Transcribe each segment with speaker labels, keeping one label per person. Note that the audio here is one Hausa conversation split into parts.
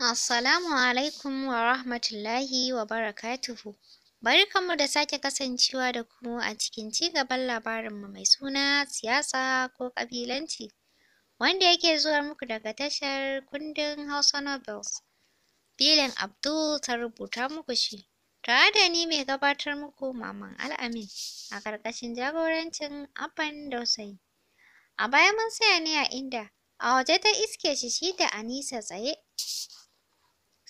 Speaker 1: Assalamu alaikum wa rahmatullahi wa barakatuhu. Barkanmu da sake kasancewa da ku a cikin ci gaban labarinmu mai suna siyasa ko kabilanci, wanda yake zuwa muku daga tashar kundin Hausa Novels. Bilin Abdul ta rubuta muku shi, tare da ni mai gabatar muku Maman Al'amin a ƙarƙashin jagorancin Abban Dausayi. A baya mun saya ne a inda a waje ta iske shi shi da Anisa tsaye.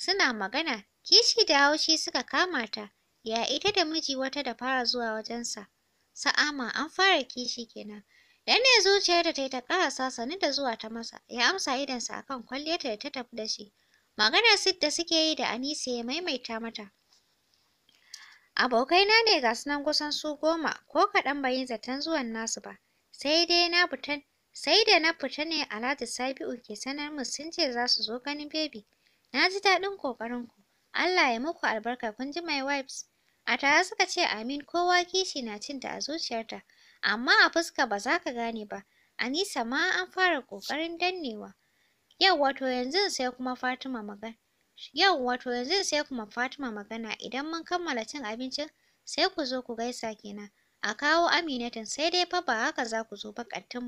Speaker 1: suna magana kishi da haushi suka kama ta ya ita da miji wata da fara zuwa wajensa sa'ama an fara kishi kenan dan ne zuciyar da ta yi ta karasa sani da zuwa ta masa ya amsa idansa akan kwalliyarta da ta tafi da shi magana sit da suke yi da anisa ya maimaita mata abokaina ne ga sunan kusan su goma ko kaɗan bai yi zaton zuwan nasu ba sai dai na fita sai da na fita ne alhaji sabi'u ke sanar mu sun ce za su zo ganin bebi Na ji daɗin ƙoƙarinku. Allah ya muku albarka kun ji my wives. A tare suka ce amin kowa kishi na cinta a zuciyarta, amma a fuska ba za ka gane ba. Anisa ma an fara ƙoƙarin dannewa. Yau wato yanzu sai kuma Fatima magana. Yau wato yanzu sai kuma Fatima magana idan mun kammala cin abincin sai ku zo ku gaisa kenan. A kawo Aminatin sai dai fa ba haka za ku zo ba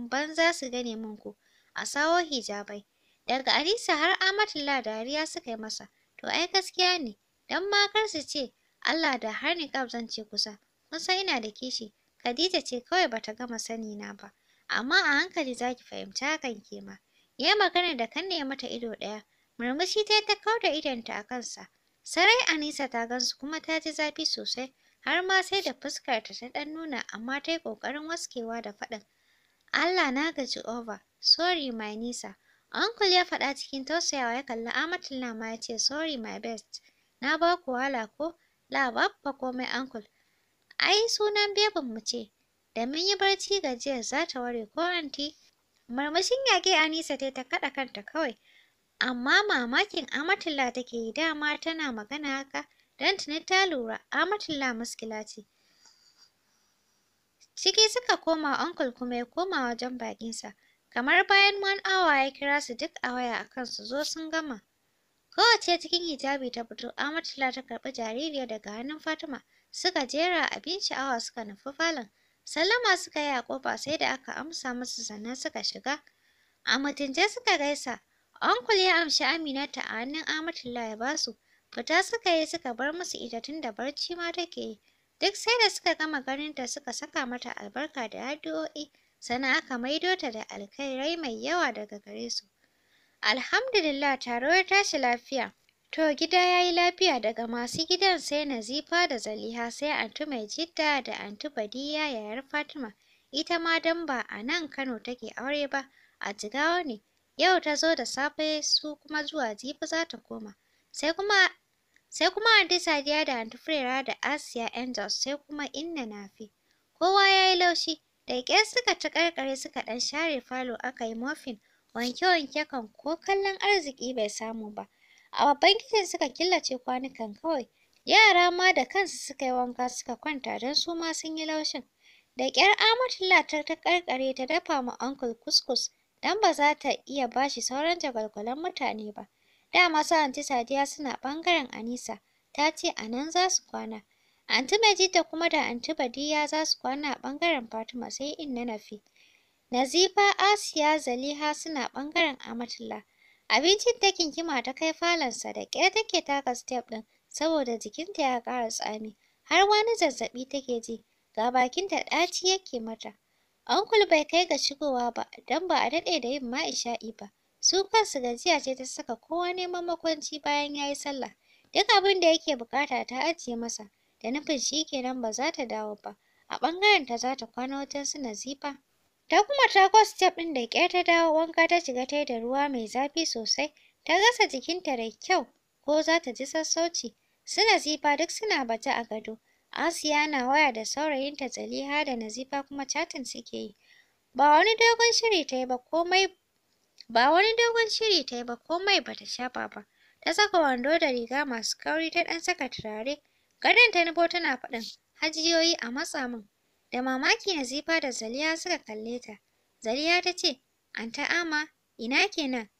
Speaker 1: banza su gane mun ku. A sawo hijabai. Daga Alisa har Amatullah dariya suka yi masa, to ai gaskiya ne, don ma su ce, Allah da har niƙab zan ce kusa, kun san ina da kishi, Khadija ce kawai bata gama sani na ba, amma a hankali za ki fahimci hakan ke ma. Ya magana da kan ya mata ido ɗaya, murmushi ta ta kau da idonta a kansa. Sarai Anisa ta gansu kuma ta ji zafi sosai, har ma sai da fuskarta ta ɗan nuna amma ta yi ƙoƙarin waskewa da faɗin. Allah na gaji over, sorry my Nisa. Uncle ya faɗa cikin tausayawa ya kalli Amatul Nama ya ce sorry my best. Na ba ku wahala ko? La komai uncle. Ai sunan bebin mu ce. Da mun yi barci gajiyar za ta ware ko anti. Marmashin yage Anisa ta ta kaɗa kanta kawai. Amma mamakin Amatulla take yi dama tana magana haka don tuni ta lura Amatulla muskila ce. Ciki suka koma uncle kuma ya koma wajen bakinsa. Kamar bayan one awa ya kira su duk a waya akan suzo zo sun gama. Kowace cikin hijabi ta fito, Amatila ta karɓi jaririya daga hannun Fatima, suka jera abin sha'awa suka nufi falon. Sallama suka yi a ƙofa sai da aka amsa musu sannan suka shiga. A mutunce suka gaisa, Onkul ya amshi Amina ta a hannun Amatila ya basu. Fita suka yi suka bar musu ita tun da barci ma take yi. Duk sai da suka gama ganin ta suka saka mata albarka da addu'o'i. sannan aka maido ta da alkhairai mai yawa daga gare su. Alhamdulillah taro ya tashi lafiya. To gida ya yi lafiya daga masu gidan sai Nazifa da Zaliha sai Antu Mai Jidda da Antu Badiya yayar Fatima. Ita ma dan ba a nan Kano take aure ba, a Jigawa ne. Yau ta zo da safe su kuma zuwa Jifa za ta koma. Sai kuma sai kuma Sadiya da antu Furera da Asiya Angels sai kuma Inna Nafi. Kowa ya yi laushi. Da ƙyar suka ci ƙarƙare suka ɗan share falo aka yi muffin, wanke-wanke kan ko kallon arziki bai samu ba. A babban gidan suka killace kwanukan kawai. Yara ma da kansu suka yi wanka suka kwanta don su ma sun yi laushin. Da ƙyar Amatullah ta ta ƙarƙare ta dafa ma Uncle kuskus don ba za ta iya ba shi sauran jagwalgwalan mutane ba. Dama su Aunty Sadiya suna ɓangaren Anisa, ta ce a nan za su kwana. Anti Majida kuma da Anti Badiya za su kwana a ɓangaren Fatima sai Inna Nafi. Nazifa, Asiya, Zaliha suna ɓangaren Amatullah. Abincin ta kinkima ta kai falonsa da ƙyar take taka step ɗin saboda jikinta ya ƙara tsami. Har wani zazzaɓi take ji, ga bakinta ɗaci yake mata. Ankul bai kai ga shigowa ba don ba a daɗe da yin ma'isha'i ba. Su kansu gajiya ce ta saka kowa neman makwanci bayan ya yi sallah. Duk abin da yake bukata ta ajiye masa. da nufin shi kenan ba za ta dawo ba a ɓangaren ta za ta kwana wajen su Nazifa ta kuma ta go step ɗin da ƙyar ta dawo wanka ta shiga ta da ruwa mai zafi sosai ta gasa jikinta da kyau ko za ta ji sassauci su Nazifa duk suna bata a gado Asiya na waya da saurayinta Zaliha da Nazifa kuma catin suke yi ba wani dogon shiri ta yi ba komai ba wani dogon shiri ta yi ba komai ba shafa ba ta saka wando da riga masu kauri ta ɗan saka turare Gadon ta nufo tana faɗin, hajiyoyi a matsa min. Da mamaki Nazifa da Zaliya suka kalle ta. Zaliya ta ce, Anta Ama, ina kenan?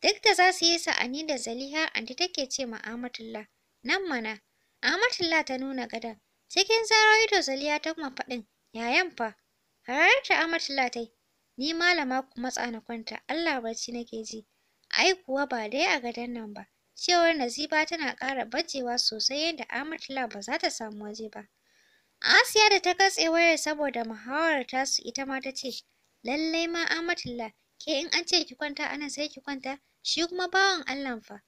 Speaker 1: Duk da za su yi sa'ani da Zaliha, anti take ce ma Amatulla. nan mana. Amatulla ta nuna gadon. Cikin zaro ido Zaliya ta kuma faɗin, yayan fa. Hararta Amatulla ta yi, ni malama ku matsa na kwanta, Allah barci nake ji. Ai kuwa ba dai a gadon nan ba. Cewar Naziba tana ƙara bajewa sosai yadda Amatula ba za ta samu waje ba. Asiya da ta katse wayar saboda muhawarar tasu ita ma ta ce, Lallai ma Amatula, ke in an ce ki kwanta ana sai ki kwanta, shi kuma bawan allah fa.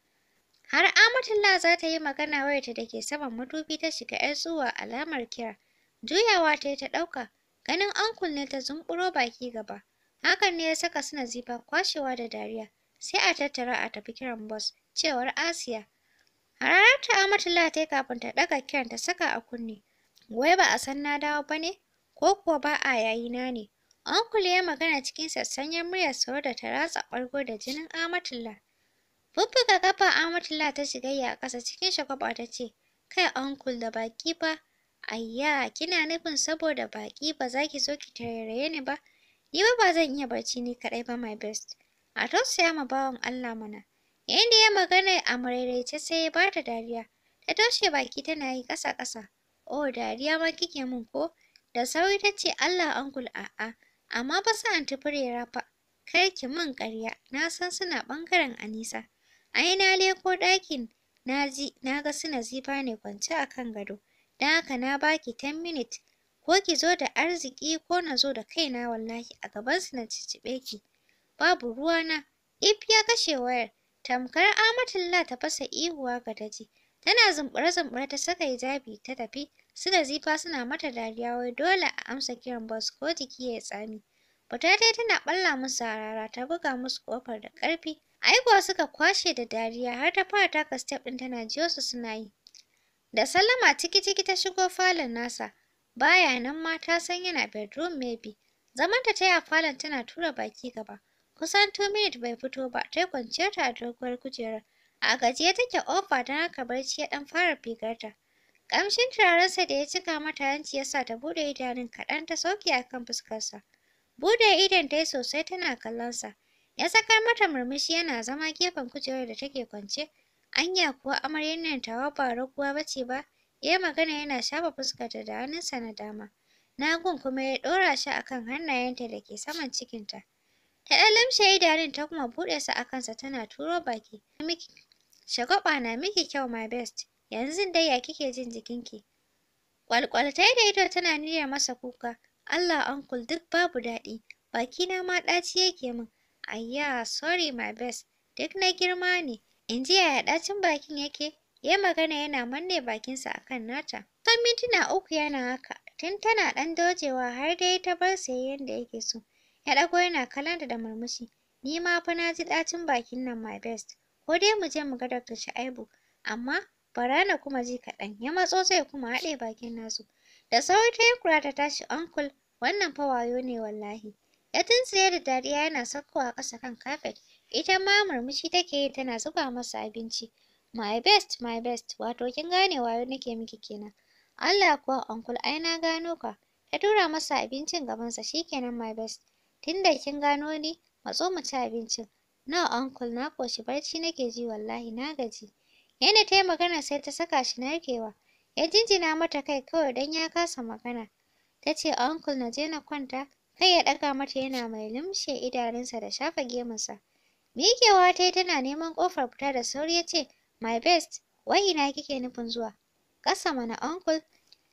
Speaker 1: Har Amatullah za ta yi magana wayarta da ke saman madubi ta shiga 'yar zuwa alamar kira. Juyawa ta yi ta ɗauka, ganin ankul ne ta zumburo baki gaba. Hakan ne ya saka su Naziba kwashewa da dariya, sai a tattara a tafi kiran boss. cewar Asiya. A ranar ta Amatullah ta yi kafin ta ɗaga kiran ta saka a kunne. Wai ba a san na dawo ba ne? Ko kuwa ba a yayi na ne? Uncle ya magana cikin sassanyen muryar sau da ta ratsa ɓargo da jinin Amatullah. ƙafa kafa Amatullah ta shiga ya ƙasa cikin shagwaba ta ce, Kai uncle da baƙi ba, ayya kina nufin saboda baƙi ba za ki zo ki tarairaye ni ba? Ni ba ba zan iya barci ni kaɗai ba my best. A tausaya ma bawan Allah mana. Yayin da ya magana a marairaice sai ya bata dariya. Ta toshe baki tana yi ƙasa-ƙasa. Oh dariya ma kike min ko? Da sauri tace ce Allah ankul a'a. Amma ba sa anti furera fa. Kar ki min ƙarya. Na san suna ɓangaren Anisa. Ai na leko ɗakin na ji na ga su Nazifa ne kwance a kan gado. Don haka na baki 10 minutes. Ko ki zo da arziki ko na zo da kaina wallahi a gaban su na cicibe ki. Babu ruwana. If ya kashe wayar. tamkar Amatullah ta fasa ihuwa ga daji. Tana zumbure-zumbure ta saka hijabi ta tafi, su da zifa suna mata dariya wai dole a amsa kiran bas ko jiki ya tsami. Fita dai tana ɓalla musu harara ta buga musu kofar da ƙarfi. Aikuwa suka kwashe da dariya har ta fara taka step ɗin tana jiyo su suna yi. Da sallama ciki-ciki ta shigo falon nasa, baya nan ma ta san yana bedroom maybe. Zaman ta taya a falon tana tura baki gaba. Kusan two minutes bai fito ba, ta kwanciyar ta a doguwar kujera. A gajiye take ofa don haka barci ya ɗan fara figarta. Ƙamshin turarensa da ya cika mata hanci ya sa ta buɗe idanun kaɗan ta sauke a kan fuskarsa. Buɗe idon ta sosai tana kallon sa. Ya sakar mata murmushi yana zama gefen kujerar da take kwance. Anya kuwa amaryar nan tawa ba raguwa ba ce ba. Ya magana yana shafa fuskarta da hannunsa na dama. Nagun kuma ya ɗora shi a kan hannayenta da ke saman cikinta. Ta ɗan lamshe ta kuma buɗe su a kansa tana turo baki. Shagwaɓa na miki kyau my best, yanzu dai ya kike jin jikinki? yi da ido tana niyyar masa kuka, Allah uncle duk babu daɗi, Baki na ma ɗaci yake min. Ayya, sorry my best, duk na girma ne. In ji yaya ɗacin bakin yake, ya magana yana manne bakinsa a kan nata. Tun mintuna uku yana haka, tun tana ɗan dojewa har dai ta bar sai yadda yake so. Ya ɗago yana kalanta da murmushi. Ni ma fa na ji ɗacin bakin nan my best. Ko dai muje mu ga Dr. Shu'aibu. Amma bara na kuma ji kaɗan. Ya matso zai kuma haɗe bakin nasu. Da sauri ta yi kura ta tashi uncle. Wannan fa wayo ne wallahi. Ya tuntsiye da dariya yana saukowa ƙasa kan kafet. Ita ma murmushi take yi tana zuba masa abinci. My best, my best, wato kin gane wayo nake miki kenan. Allah kuwa uncle ai na gano ka. Ta tura masa abincin gabansa shikenan my best. Tunda kin gano ni, matso mu ci abincin. na uncle, na ƙoshi barci nake ji wallahi na gaji. Yana ta magana sai ta saka shi narkewa. Ya jinjina mata kai kawai dan ya kasa magana. Ta ce uncle na je na kwanta, kai ya ɗaga mata yana mai limshe idanunsa da shafa gemunsa. Miƙewa ta yi tana neman kofar fita da sauri ya ce, My best, wai ina kike nufin zuwa? Ƙasa mana uncle.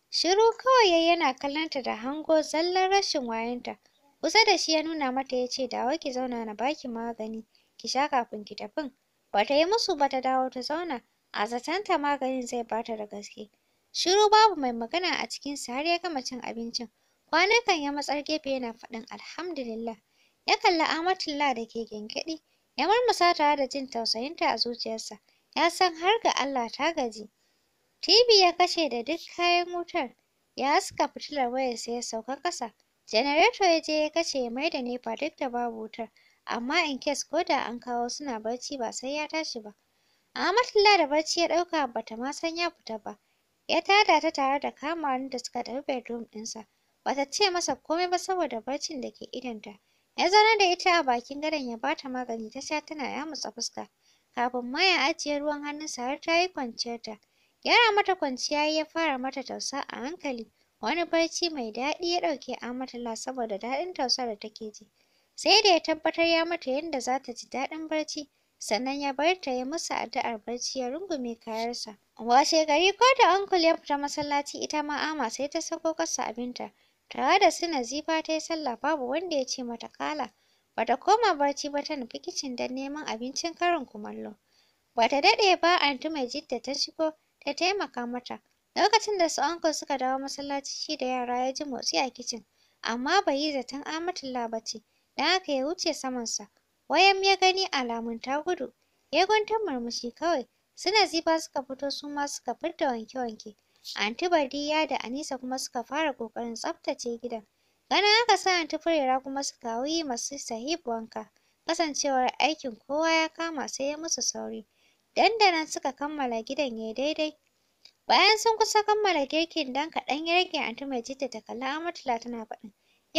Speaker 1: Shiru kawai yana kallonta da hango zallar rashin wayanta. Kusa da shi ya nuna mata ya ce dawo ki zauna na baki magani ki sha kafin ki tafin. Bata yi musu ba ta dawo ta zauna a zatanta maganin zai bata da gaske. Shiru babu mai magana a cikin sa har ya gama cin abincin. Kwanakan ya matsar gefe yana faɗin alhamdulillah. Ya kalli Amatullah da ke gyangyaɗi ya murmusa tare da jin tausayinta a zuciyarsa. Ya san har ga Allah ta gaji. TV ya kashe da duk kayan wutar ya haska fitilar wayar sai ya sauka ƙasa. Janareto ya je ya kashe ya mai da nefa duk da babu wutar, amma in kes ko da an kawo suna barci ba sai ya tashi ba. Amatullah da barci ya ɗauka bata ma san ya fita ba. Ya tada ta tare da kamarin da suka tafi bedroom ɗinsa. Bata ce masa komai ba saboda barcin da ke idonta. Ya zauna da ita a bakin gadon ya bata magani ta sha tana yamutsa fuska. Kafin ma ya ajiye ruwan hannunsa har ta yi kwanciyarta. Gyara mata kwanciya ya fara mata tausa a hankali. Wani barci mai daɗi ya ɗauke Amatullah saboda daɗin tausar da take ji. Sai da ya tabbatar ya mata yadda za ta ji daɗin barci, sannan ya bar ta ya musu addu'ar barci ya rungume kayarsa. Washe gari ko da Uncle ya fita masallaci ita ma Ama sai ta sako kasa abinta. Tare da su Nazifa ta yi sallah babu wanda ya ce mata kala. Bata koma barci ba ta nufi kicin don neman abincin karin kumallo. Bata daɗe ba anti mai jidda ta shigo ta taimaka mata. Lokacin da su anko suka dawo masallaci shi da yara ya ji motsi a kicin, amma bai yi zaton Amatullah ba ce, don haka ya wuce samansa. Wayan ya gani alamun ta gudu, ya gwantar murmushi kawai. Su Nazifa suka fito su ma suka furta wanke-wanke. Anti Badiya da Anisa kuma suka fara ƙoƙarin tsaftace gidan. Ganin aka sa Anti Furera kuma suka yi masu sahib wanka. Kasancewar aikin kowa ya kama sai ya musu sauri. Dandanan suka kammala gidan ya daidai. Bayan sun kusa kammala girkin dan kaɗan ya rage anti mai jidda ta kalli Amurtala tana faɗin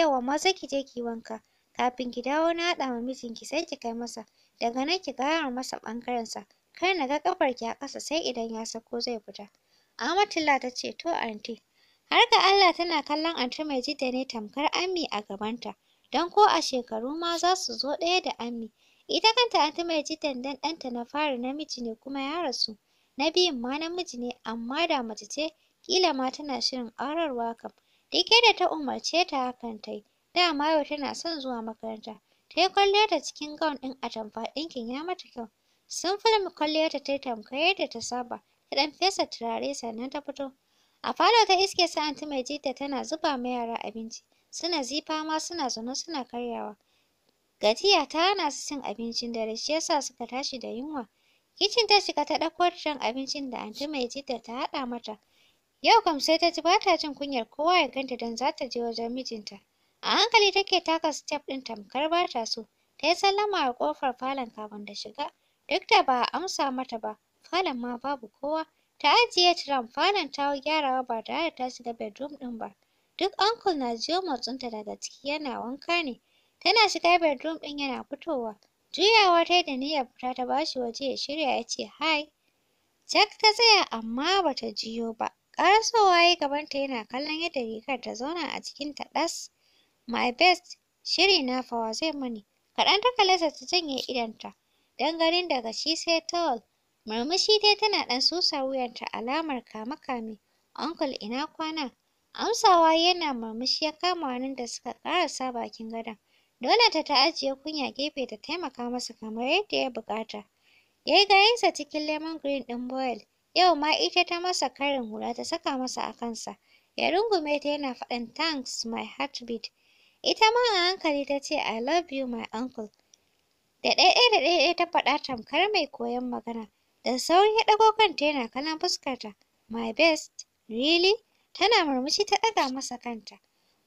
Speaker 1: ma maza ki je ki wanka kafin ki dawo na haɗa ma mijinki sai ki kai masa daga nan ki ƙara masa sa kar na ga ƙafarki a ƙasa sai idan ya sako zai fita. Amurtala ta ce to anti har ga Allah tana kallon anti mai jidda ne tamkar Ammi a gabanta don ko a shekaru ma za su zo ɗaya da Ammi. Ita kanta anti mai jiddan dan ɗanta na fari namiji ne kuma ya rasu. na biyun ma namiji ne amma da mace ce ƙila ma tana shirin aurarwa kam duk yadda ta umarce ta hakan ta yi dama yau tana son zuwa makaranta ta yi kwalliyar ta cikin gown ɗin atamfa ɗinkin ya mata kyau sun fulmi kwalliyar ta ta yi tamkar yadda ta saba ta ɗan fesa turare sannan ta fito a falo ta iske sa anti mai jita tana zuba ma yara abinci suna zifa ma suna zaune suna karyawa gajiya ta hana su cin abincin dare shi yasa suka tashi da yunwa Kicin ta shiga ta ɗauko jan abincin da anti mai jidda ta haɗa mata. Yau kam sai ta ji ba ta jin kunyar kowa ya ganta don za ta je wajen mijinta. A hankali take taka step ɗin tamkar ba ta so. Ta yi sallama a ƙofar falon kafin ta shiga. Duk da ba a amsa mata ba, falon ma babu kowa. Ta ajiye tiram falon ta gyarawa ba tare da ta shiga bedroom ɗin ba. Duk uncle na jiyo motsinta daga ciki yana wanka ne. Tana shiga bedroom ɗin yana fitowa. Juyawa ta yi da niyyar fita ta bashi waje ya shirya ya ce hi. Jack ta tsaya amma bata ta jiyo ba. Ƙarasowa ya gaban gabanta yana kallon yadda rigar ta zauna a ta ɗas. My best, shiri na fawa zai mani. Kaɗan ta kalasa ta janye idonta. Dan ganin daga shi sai tawal. Murmushi dai tana ɗan susa wuyanta alamar kame-kame. Uncle ina kwana? Amsawa yana murmushi ya kama da suka ƙarasa bakin gadon. Dole ta ta ajiye kunya gefe ta taimaka masa kamar yadda ya bukata Ya yi gayensa cikin lemon green ɗin boil. Yau ma ita ta masa karin hula ta saka masa a kansa. Ya rungume ta yana faɗin thanks my heartbeat. Ita ma a hankali ta ce I love you my uncle. Da ɗaiɗai da ɗaiɗai ta faɗa tamkar mai koyon magana. Da sauri ya ɗago kanta yana kallon fuskarta. My best, really? Tana murmushi ta ɗaga masa kanta.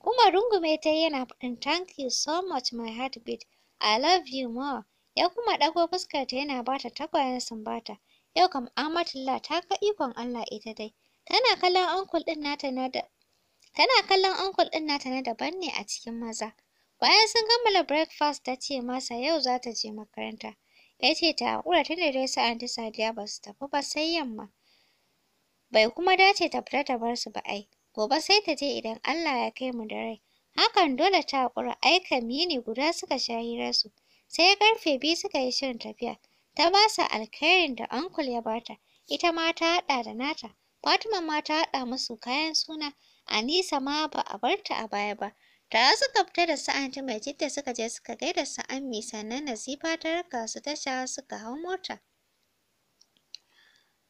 Speaker 1: Umar rungume ta yana faɗin thank you so much my heartbeat. I love you more. Ya kuma ɗago ta yana bata tagwayen sumbata. Yau kam Amatullah ta ka ikon Allah ita dai. Tana kallon uncle ɗin nata na da tana kallon uncle ɗin nata na daban ne a cikin maza. Bayan sun kammala breakfast ta ce masa yau za ta je makaranta. Ya ce ta haƙura da dai su Aunty Sadiya ba su tafi ba sai yamma. Bai kuma dace ta fita ta bar su ba ai. gobe sai ta je idan Allah ya kai mu da rai. Hakan dole ta haƙura ai kam guda suka sha hirarsu, sai ƙarfe biyu suka yi shirin tafiya. Ta ba su alkhairin da uncle ya bata, ita ma ta haɗa da nata, Fatima ma ta haɗa musu kayan suna, Anisa ma ba a bar ta a baya ba. Ta suka fita da su anti mai jidda suka je suka gaida su ammi sannan Nasifa ta raka su tasha suka hau mota.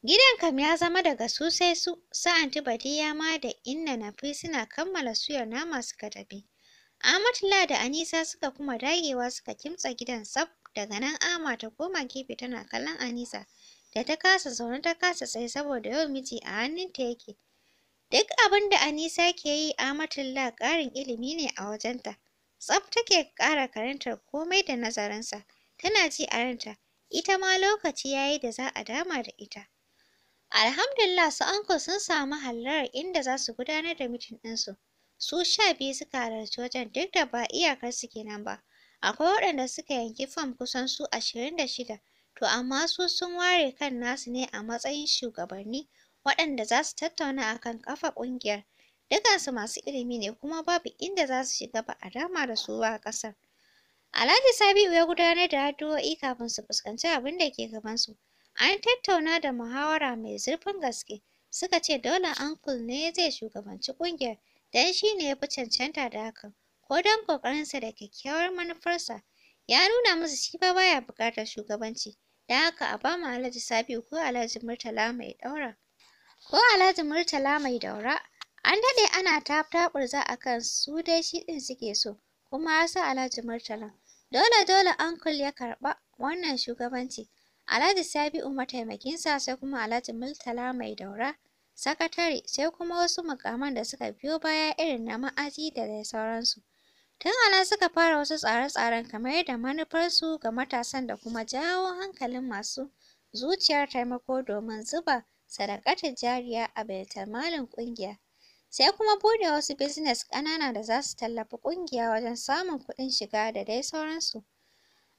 Speaker 1: Gidan kam ya zama daga su sai su, sa anti Badiya ma da inna nafi suna kammala suyar nama suka tafi. Amatula da Anisa suka kuma dagewa suka kimtsa gidan sab daga nan Ama ta koma gefe tana kallon Anisa da ta kasa zaune ta kasa tsaye saboda yau miji a hannunta yake. Duk abin da Anisa ke yi Amatullah ƙarin ilimi ne a wajenta. Tsaf take ƙara karantar komai da nazarinsa, tana ji a ranta, ita ma lokaci ya yi da za a dama da ita. Alhamdulillah su anko sun samu halar inda za su gudanar da mitin ɗinsu. Su sha biyu suka halarci wajen duk da ba iyakar su kenan ba. Akwai waɗanda suka yanki fam kusan su ashirin da shida, to amma su sun ware kan nasu ne a matsayin shugabanni waɗanda za su tattauna akan kan kafa ƙungiyar. Dukansu masu ilimi ne kuma babu inda za su shiga ba a dama da su ba a ƙasar. Alhaji Sabi'u ya gudanar da addu'o'i kafin su fuskanci abin da ke gabansu. An tattauna da muhawara mai zurfin gaske, suka ce dole Uncle ne zai shugabanci ƙungiyar don shi ne ya fi cancanta da hakan, ko don ƙoƙarinsa da kyakkyawar manufarsa. Ya nuna musu shi fa baya buƙatar shugabanci, da haka a ba mu Alhaji Sabi'u ko Alhaji Murtala mai ɗaura. Ko Alhaji Murtala mai daura, an daɗe ana taɓurza a kan su dai shi ɗin suke so, kuma ya sa Alhaji Murtala. Dole dole Uncle ya karɓa wannan shugabanci. Alhaji Sabi'u mataimakinsa sai kuma Alhaji Murtala mai daura sakatare sai kuma wasu mukaman da suka biyo baya irin na ma'aji da dai sauransu. Tun ana suka fara wasu tsare-tsaren kamar yadda manufarsu ga matasan da kuma jawo hankalin masu zuciyar taimako domin zuba sadakatar jariya a malin ƙungiya. Sai kuma buɗe wasu bizines ƙanana da za su tallafi ƙungiya wajen samun kuɗin shiga da dai sauransu.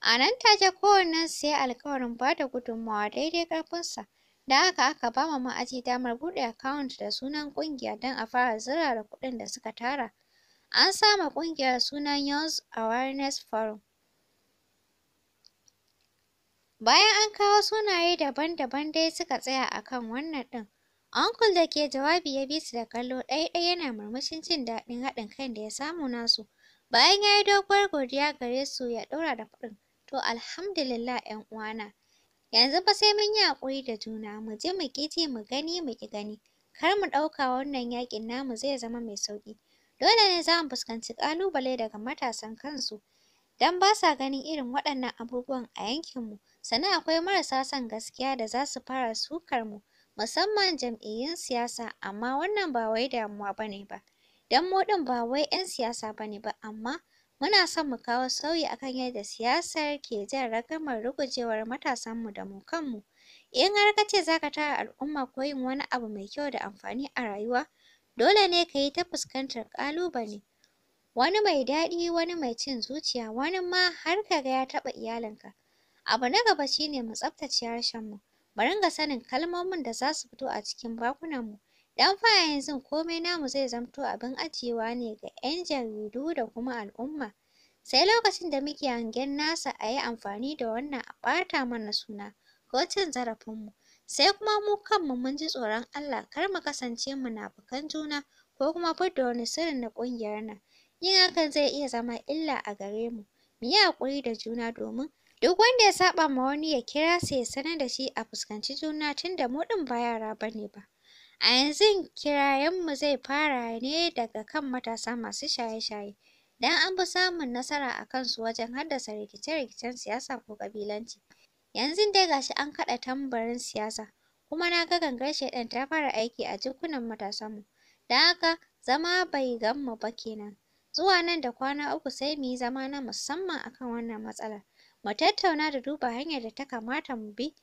Speaker 1: A nan take kowannensu ya yi alƙawarin ba da gudunmawa daidai ƙarfinsa. Da haka aka ba wa ma'aji damar buɗe akawunt da sunan ƙungiya don a fara zirara kuɗin da suka tara. An sama ƙungiyar sunan Youth Awareness Forum. Bayan an kawo sunaye daban-daban dai suka tsaya a kan wannan ɗin. Uncle da ke jawabi ya bi su da kallo ɗaiɗai yana murmushin jin daɗin haɗin kan da ya samu nasu. Bayan ya yi doguwar godiya gare su ya ɗora da kuɗin. To alhamdulillah ƴan uwana. Yanzu fa sai mun yi haƙuri da juna, mu je mu ƙi ji, mu gani mu ƙi gani. Kar mu ɗauka wannan yaƙin namu zai zama mai sauƙi. Dole ne za mu fuskanci ƙalubale daga matasan kansu, don ba sa ganin irin waɗannan abubuwan a yankinmu. Sannan akwai marasa son gaskiya da za su fara sukar mu, musamman jam'iyyun siyasa, amma wannan ba wai damuwa ba ne ba. Don mu ɗin ba wai 'yan siyasa ba ne ba, amma Muna son mu kawo sauyi akan yadda siyasar ke jan ragamar rugujewar matasanmu da mu kanmu. In har ka ce za ka tara al'umma ko yin wani abu mai kyau da amfani a rayuwa, dole ne ka yi ta fuskantar ƙalubale. Wani mai daɗi, wani mai cin zuciya, wani ma har ka ga ya taɓa iyalinka. Abu na gaba shi ne mu tsaftace harshenmu, mu ringa sanin kalmomin da za su fito a cikin bakunanmu. dan fa yanzu komai namu zai zamto abin ajiyewa ne ga 'yan jaridu da kuma al'umma. Sai lokacin da muke hangen nasa a yi amfani da wannan a ɓata mana suna ko cin zarafinmu. Sai kuma mu kanmu mun ji tsoron Allah kar mu kasance munafukan juna ko kuma fidda wani sirrin na ƙungiyar nan. Yin hakan zai iya zama illa a gare mu. Mu yi haƙuri da juna domin duk wanda ya saɓa ma wani ya kira sa ya sanar da shi a fuskanci juna tunda mu ɗin ba yara ba ne ba. A yanzu kirayenmu zai fara ne daga kan matasa masu shaye-shaye, don an fi samun nasara a kansu wajen haddasa rikice-rikicen siyasa ko kabilanci. Yanzu dai ga shi an kaɗa tambarin siyasa, kuma na ga gangar shaiɗan ta fara aiki a jikunan matasanmu, don haka zama bai gammu ba kenan. Zuwa nan da kwana uku sai mu yi zama na musamman a kan wannan matsalar, mu tattauna da duba hanyar da ta kamata mu bi.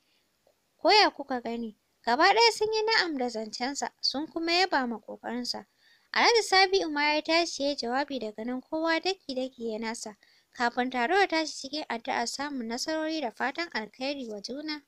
Speaker 1: Ko ya kuka gani? Gaba ɗaya sun yi na'am da zancensa, sun kuma yaba ma ƙoƙarinsa. Alhaji Sabi'u ma ya tashi ya jawabi daga nan kowa daki-daki ya nasa, kafin taro ya tashi cikin addu'a samun nasarori da fatan alkhairi wa juna.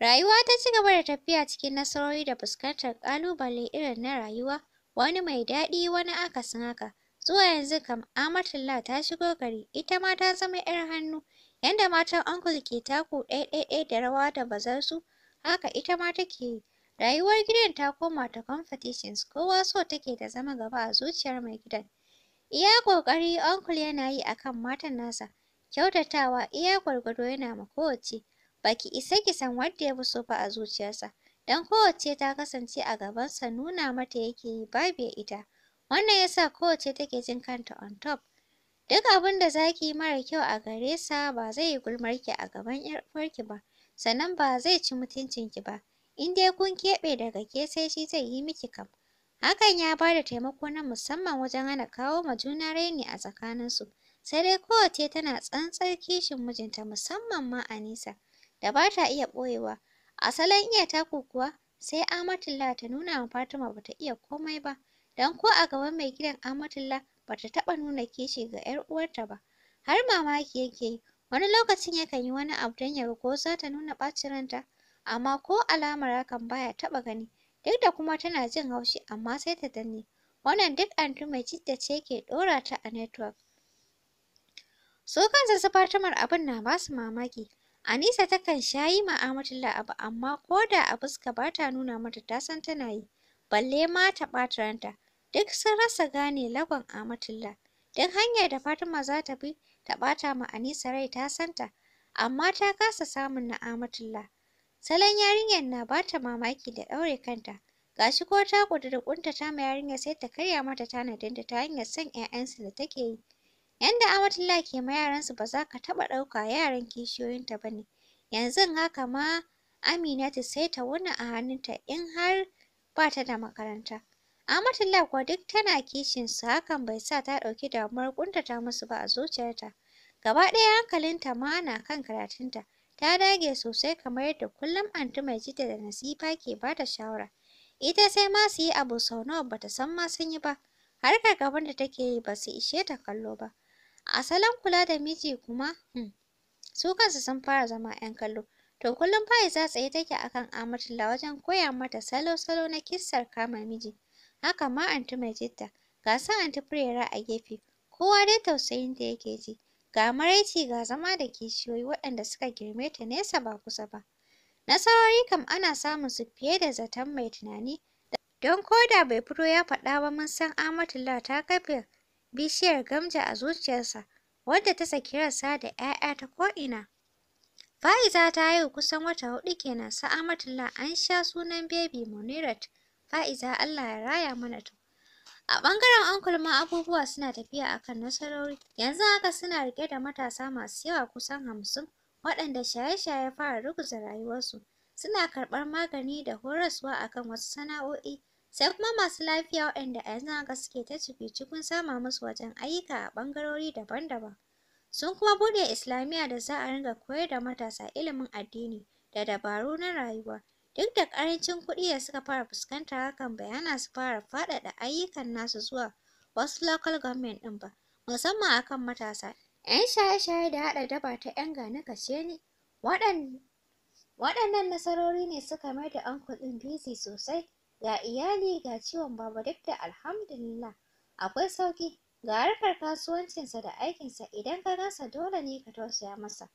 Speaker 1: Rayuwa ta ci gaba da tafiya cikin nasarori da fuskantar ƙalubale irin na rayuwa, wani mai daɗi wani akasin haka. Zuwa yanzu kam Amatullah ta shigo gari, ita ma ta zama 'yar hannu, yanda matan uncle ke taku ɗaiɗaiɗai da rawa da bazarsu, haka ita ma take yi. Rayuwar gidan ta koma ta competitions, kowa so take da zama gaba a zuciyar mai gidan. Iya ƙoƙari uncle yana yi akan matan nasa, kyautatawa iya gwargwado yana ma kowacce. Baki isa ki san wanda ya fi so fa a zuciyarsa, don kowacce ta kasance a gabansa nuna mata yake yi babu ita. Wannan ya sa kowacce take jin kanta on top. Duk abin da za ki yi mara kyau a gare sa ba zai yi gulmarki a gaban 'yar uwarki ba. sannan ba zai ci mutuncinki ba in dai kun keɓe daga ke sai shi zai yi miki kam hakan ya ba da taimako na musamman wajen hana kawo ma juna raini a tsakaninsu sai dai kowace tana tsantsar kishin mijinta musamman ma a Anisa da ba ta iya ɓoyewa asalin iya taku kuwa sai Amatulla ta nuna wa Fatima ba ta iya komai ba don ko a gaban mai gidan Amatulla ba ta taɓa nuna kishi ga 'yar uwarta ba har mamaki yake yi Wani lokacin yakan yi wani abu don ya ga za ta nuna ɓacin ranta, amma ko alamar hakan baya taɓa gani, duk da kuma tana jin haushi amma sai ta danne. Wannan duk anti mai jidda ce ke ɗora ta a network. Su kansu su Fatimar abin na basu su mamaki. Anisa takan sha yi ma Amatullah abu amma ko da a fuska ba ta nuna mata ta san tana yi, balle ma ta ɓata ranta. Duk sun rasa gane lagon Amatullah. Duk hanyar da Fatima za ta bi ta ɓata ma Anisa rai ta santa, amma ta kasa samun na'amatullah. Salon yarinyar na bata mamaki da ɗaure kanta, gashi ko ta ƙudiri ta ma yarinyar sai ta karya mata dinda ta hanyar son 'ya'yansu da take yi. Yanda Amatullah ke ma yaransu ba za ka taɓa ɗauka yaran kishiyoyinta ba ne. Yanzu haka ma Aminatu sai ta wuna a hannunta in har ba ta da makaranta. Amatullah kuwa duk tana kishin su hakan bai sa ta ɗauki damuwar ƙuntata musu ba a zuciyarta. Gaba ɗaya hankalinta ma na kan karatunta. Ta dage sosai kamar yadda kullum anti mai jita da nasifa ke ba ta shawara. Ita sai ma su yi abu sau nawa bata san ma sun yi ba. Harkar gaban da take yi ba su ishe ta kallo ba. Asalin kula da miji kuma hmm, su kansu sun fara zama 'yan kallo. To kullum za tsaye take akan Amatullah wajen koya mata salo-salo na kissar kama miji. haka ma anti Majidda ga su anti firera a gefe kowa dai tausayin da yake ji ga maraici ga zama da kishiyoyi waɗanda suka girme ta nesa ba kusa ba nasarori kam ana samun su fiye da zaton mai tunani don ko da bai fito ya faɗa ba mun san Amatullah ta kafe bishiyar gamja a zuciyarsa wadda ta saki rassa da 'ya'ya ta ko'ina. Fa'iza ta haihu kusan wata huɗu kenan amatullah an sha sunan Baby Munirat Fa'iza Allah ya raya mana to. A ɓangaren ankul ma abubuwa suna tafiya akan nasarori. Yanzu haka suna rike da matasa masu yawa kusan hamsin waɗanda shaye-shaye fara ruguza rayuwarsu. Suna karɓar magani da horaswa akan wasu sana'o'i. Sai kuma masu lafiya waɗanda a yanzu haka suke ta cikin sama musu wajen ayyuka a ɓangarori daban-daban. Sun kuma buɗe Islamiyya da za a ringa koyar da matasa ilimin addini da dabaru na rayuwa. Duk da ƙarancin kuɗi da suka fara fuskanta hakan bai hana su fara faɗaɗa ayyukan nasu zuwa wasu local government ɗin ba, musamman a kan matasa. 'Yan shaye-shaye da haɗa daba ta 'yan gane-kashe ne. Waɗannan nasarori ne suka mai da uncle ɗin busy sosai. Ga iyali ga ciwon baba duk da alhamdulillah akwai sauƙi. Ga harkar kasuwancinsa da aikinsa idan ka gansa dole ne ka tausaya masa.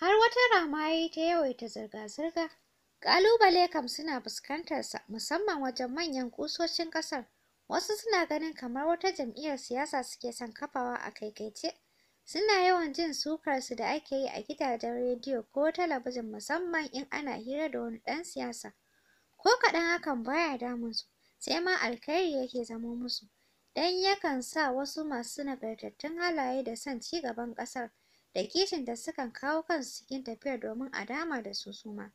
Speaker 1: Har wata rama ta yawaita zirga-zirga Ƙalubale kam suna fuskantarsa musamman wajen manyan ƙusoshin ƙasar. Wasu suna ganin kamar wata jam'iyyar siyasa suke son kafawa a kaikaice. Suna yawan jin sukarsu da ake yi a gidajen rediyo ko talabijin musamman in ana hira da wani ɗan siyasa. Ko kaɗan hakan baya damunsu, sai ma alkhairi yake zamo musu. Dan yakan sa wasu masu nagartattun halaye da son ci gaban ƙasar da kishin da sukan kawo kansu cikin tafiyar domin a dama da su suma.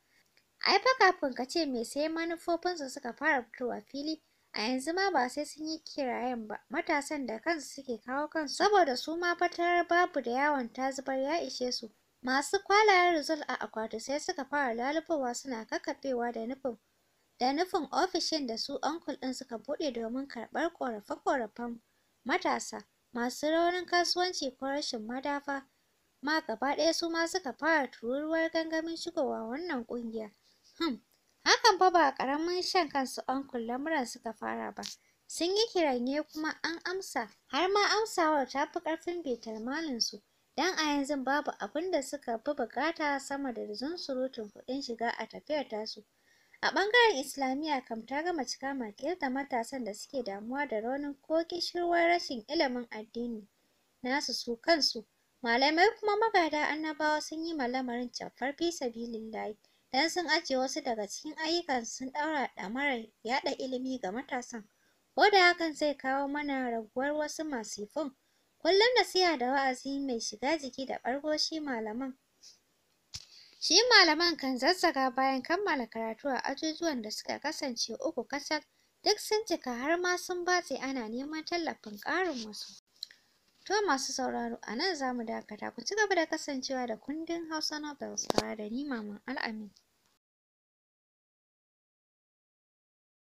Speaker 1: ai fa kafin ka ce me sai manufofinsu suka fara fitowa fili a yanzu ma ba sai sun yi kirayen ba matasan da kansu suke kawo kansu saboda su ma fatar babu da yawon ta zubar ya ishe su masu kwalayen rizal a akwati sai suka fara lalubowa suna kakkaɓewa da nufin da nufin ofishin da su ankul ɗin suka buɗe domin karɓar ƙorafe-ƙorafen matasa masu raunin kasuwanci ko rashin madafa ma gaba ɗaya su ma suka fara tururuwar gangamin shigowa wannan ƙungiya Hm, hakan fa ba ƙaramin shan kansu ankul mura suka fara ba. Sun yi kiranye kuma an amsa, har ma amsawar ta fi ƙarfin betar su Don a yanzu babu abin da suka fi buƙata sama da surutun kuɗin shiga a tafiyar tasu. A bangaren Islamiyya kam ta gama cika makil da matasan da suke damuwa da raunin ko kishirwar rashin ilimin addini nasu su kansu. Malamai kuma magada annabawa sun yi ma lamarin camfar fi sabilillahi. don sun ajiye wasu daga cikin ayyukan sun ɗaura ɗamarar yaɗa ilimi ga matasan, ko da hakan zai kawo mana raguwar wasu masifin. Kullum da nasiha da wa'azi mai shiga jiki da ɓargo shi malaman. Shi malaman kan zazzaga bayan kammala karatu a ajujuwan da suka kasance uku kasar duk sun cika har ma sun batse ana neman tallafin ƙarin wasu. To masu sauraro a nan za mu dakata ku ci gaba da kasancewa da kundin Hausa novels tare da ni Maman Al'amin.